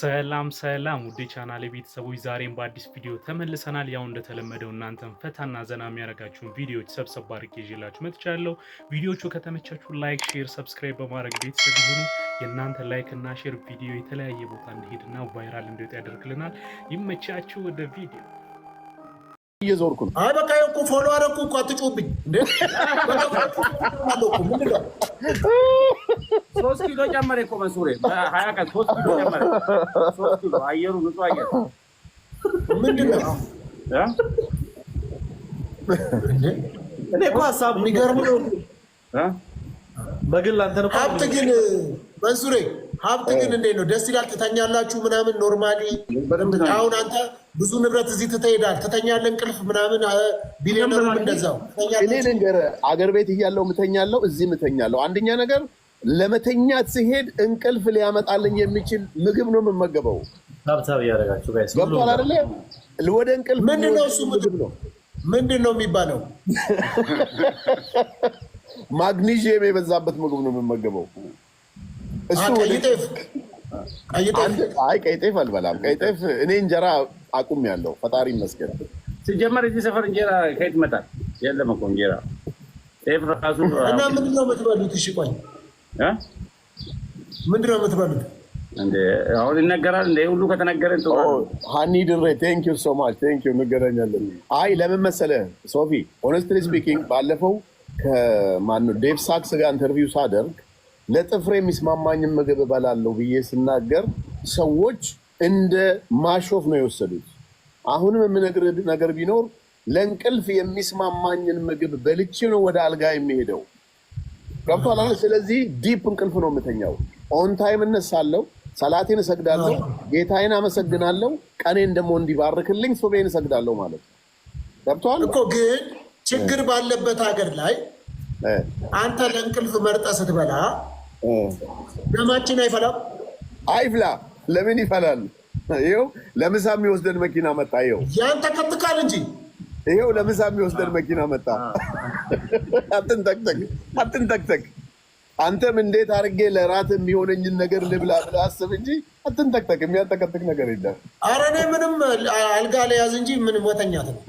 ሰላም ሰላም ውድ ቻናል የቤተሰቦች ዛሬም በአዲስ ቪዲዮ ተመልሰናል። ያው እንደተለመደው እናንተን ፈታና ዘና የሚያደርጋችሁን ቪዲዮዎች ሰብሰብ አድርጌ ይዤላችሁ መጥቻለሁ። ቪዲዮቹ ከተመቻችሁ ላይክ፣ ሼር፣ ሰብስክራይብ በማድረግ ቤተሰብ ይሁኑ። የእናንተ ላይክ እና ሼር ቪዲዮ የተለያየ ቦታ እንዲሄድና ቫይራል እንዲወጣ ያደርግልናል። ይመቻችሁ። ወደ ቪዲዮ እየዞርኩ ነው። አይ በቃ እኮ ፎሎ አደረኩ እኮ አትጩብኝ እንዴ ሶስት ኪሎ ጨመረ እኮ መንሱሬ፣ ሀያ ቀን ሶስት ኪሎ ጨመረ። ሶስት ኪሎ አየሩ ንጹህ አየር ምንድን ነው? እኔ እኮ ሀሳብ የሚገርምህ ነው። በግል አንተን እኮ ሀብት ግን መንሱሬ ሀብት ግን እንዴት ነው? ደስ ይላል። ትተኛላችሁ ምናምን ኖርማሊ። አሁን አንተ ብዙ ንብረት እዚህ ትተሄዳል ትተኛለህ፣ እንቅልፍ ምናምን ቢሊዮነሩም እንደዛው። እኔ ልንገርህ፣ አገር ቤት እያለሁ ምተኛለሁ፣ እዚህ ምተኛለሁ። አንደኛ ነገር ለመተኛት ሲሄድ እንቅልፍ ሊያመጣልኝ የሚችል ምግብ ነው የምመገበው። ታብታብ እያደረጋችሁ ገብቷል አይደለ? ወደ እንቅልፍ ምንድነው እሱ ምግብ ነው ምንድን ነው የሚባለው? ማግኒዥየም የበዛበት ምግብ ነው የምመገበው። እሱ አይ ቀይ ጤፍ አልበላም። ቀይ ጤፍ እኔ እንጀራ አቁም ያለው ፈጣሪ ይመስገን። ሲጀመር እዚህ ሰፈር እንጀራ ከየት ይመጣል? የለም እኮ እንጀራ ጤፍ ራሱ እና ምንድን ነው የምትበሉት? እሺ ቆይ ምንድን የምትበሉት? አሁን ይነገራል። እንደ ሁሉ ከተነገረ ሀኒ ድሬ ቴንክ ዩ ሶ ማች ቴንክ ዩ እንገናኛለን። አይ ለምን መሰለ ሶፊ ሆነስትሊ ስፒኪንግ ባለፈው ከማነው ዴቭ ሳክስ ጋር ኢንተርቪው ሳደርግ ለጥፍሬ የሚስማማኝን ምግብ እበላለሁ ብዬ ስናገር ሰዎች እንደ ማሾፍ ነው የወሰዱት። አሁንም የምነግር ነገር ቢኖር ለእንቅልፍ የሚስማማኝን ምግብ በልቼ ነው ወደ አልጋ የሚሄደው። ገብቷል። ስለዚህ ዲፕ እንቅልፍ ነው የምተኛው። ኦን ታይም እነሳለሁ፣ ሰላቴን እሰግዳለሁ፣ ጌታዬን አመሰግናለሁ፣ ቀኔን ደግሞ እንዲባርክልኝ ሱቤን እሰግዳለሁ ማለት ነው። ገብቷል እኮ ግን ችግር ባለበት ሀገር ላይ አንተ ለእንቅልፍ መርጠ ስትበላ ደማችን አይፈላም። አይፍላ ለምን ይፈላል? ይኸው ለምሳ የሚወስደን መኪና መጣ። ይኸው ያን ተከትካል እንጂ ይሄው ለምሳ የሚወስደን መኪና መጣ። አትንጠቅጠቅ አትንጠቅጠቅ። አንተም እንዴት አድርጌ ለራት የሚሆነኝን ነገር ልብላ ብለህ አስብ እንጂ አትንጠቅጠቅ። የሚያንጠቀጥቅ ነገር የለም። ኧረ እኔ ምንም አልጋ ለያዝ እንጂ ምን ወተኛት ነው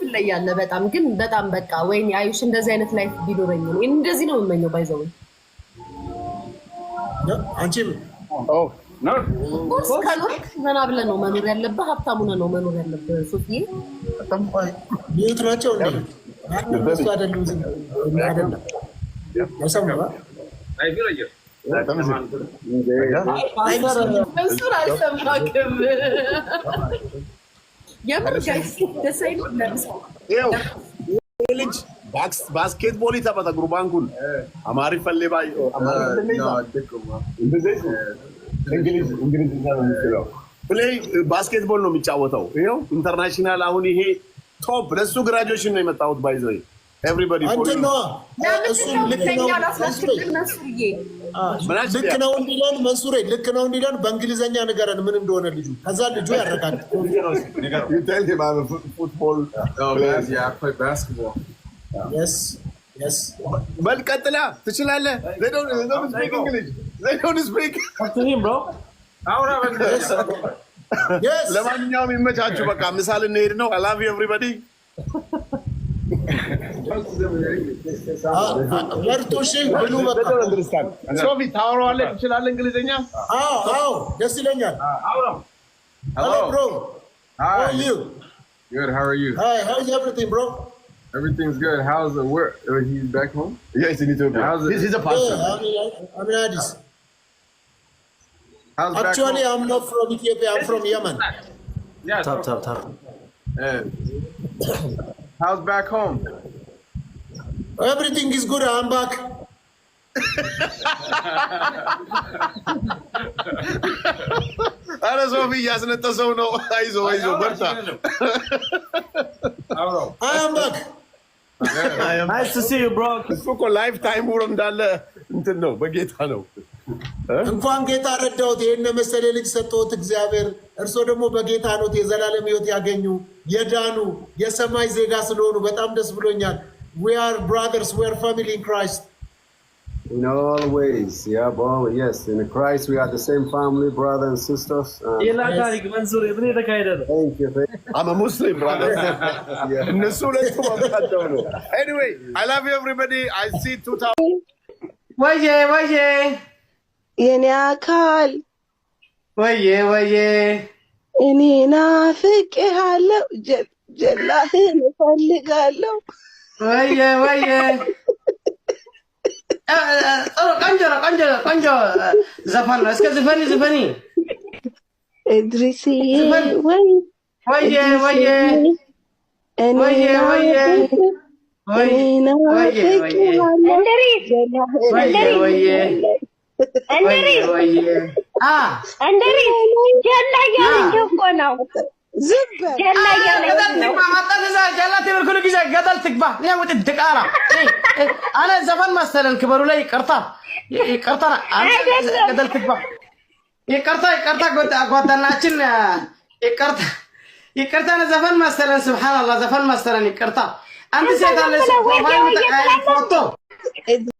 ትለያለህ በጣም ግን በጣም በቃ ወይኔ አዩሽ እንደዚህ አይነት ላይፍ ቢኖረኝ ነው እንደዚህ ነው የምመኘው ባይዘወኝ አንቺም ከኖርክ ዘና ብለህ ነው መኖር ያለብህ። ሀብታም ሆነህ ነው መኖር ያለብህ። ሶፊዬ ሚዩት ናቸው እሱ አይደለም basketboli taphata gurbaan kun amaariffallee baay'ee amaariffallee ባስኬትቦል ነው የሚጫወተው። ይኸው ኢንተርናሽናል አሁን ይሄ ቶፕ ለሱ ግራጁዌሽን ነው የመጣሁት ባይዘ ኤቭሪባዲ ልክ ነው እንዲለን መንሱሬ ልክ ነው እንዲለን በእንግሊዘኛ ንገረን ምን እንደሆነ ልጁ። ከዛ ልጁ ያረጋግጥ በል ቀጥላ፣ ትችላለህ። ለማንኛውም ይመቻችሁ። በቃ ምሳ ልንሄድ ነው። አይ ኤቭሪባዲ። መርቶሽ ብሉ። ሶፊ ታወራዋለህ፣ ah. ትችላለህ እንግሊዝኛ? አዎ ደስ ይለኛል። ብሮ ዩ ሀው ዩ ሀው ኢዝ ኤቭሪቲንግ ብሮ Everything's good. How's it work? Are uh, you back home? Yes, in Ethiopia. How's it? This is a pastor. Yeah, I mean, I, I mean, I just, How's Actually, I'm not from Ethiopia. I'm from Yemen. Yeah. Top, top, top. Yeah. How's back home? Everything is good. I'm back. አረ ሰው እያስነጠሰው ነው። አይዞ አይዞ በርታ። አምባክ እሱ እኮ ላይፍ ታይም እንዳለ እንትን ነው፣ በጌታ ነው። እንኳን ጌታ ረዳሁት፣ ይህን መሰለ ልጅ ሰጠሁት እግዚአብሔር። እርስዎ ደግሞ በጌታ ኖት፣ የዘላለም ሕይወት ያገኙ የዳኑ የሰማይ ዜጋ ስለሆኑ በጣም ደስ ብሎኛል። ዊ አር ብራዘርስ ዊ አር ፋሚሊ ኢን ክራይስት In all ways, yeah, boy, yes. In Christ, we are the same family, brothers and sisters. And Thank you. Thank you. I'm a Muslim, brother. anyway, I love you, everybody. I see 2000. ወየ ወየ የኔ አካል ወየ ወየ እኔ ናፍቄሃለሁ፣ ጀላህን እፈልጋለሁ። ወየ ወየ ቆንጆ ነው፣ ቆንጆ ቆንጆ ዘፈን ነው። እስከ ዝፈኒ ዝፈኒ እድሪስ ወይ ወየ ወየ ወየ ወየ እንድሪስ ጀላ እያለ እኮ ነው አነ ዘፈን መሰለን ክበሩ ላይ ይቅርታ ይቅርታ ገጠል ትግባ ይቅርታ ይቅርታ ጓደናችን ይቅርታ ይቅርታ ዘፈን መሰለን ስብሓንላ ዘፈን መሰለን ይቅርታ አንድ ሴት አለ ፎቶ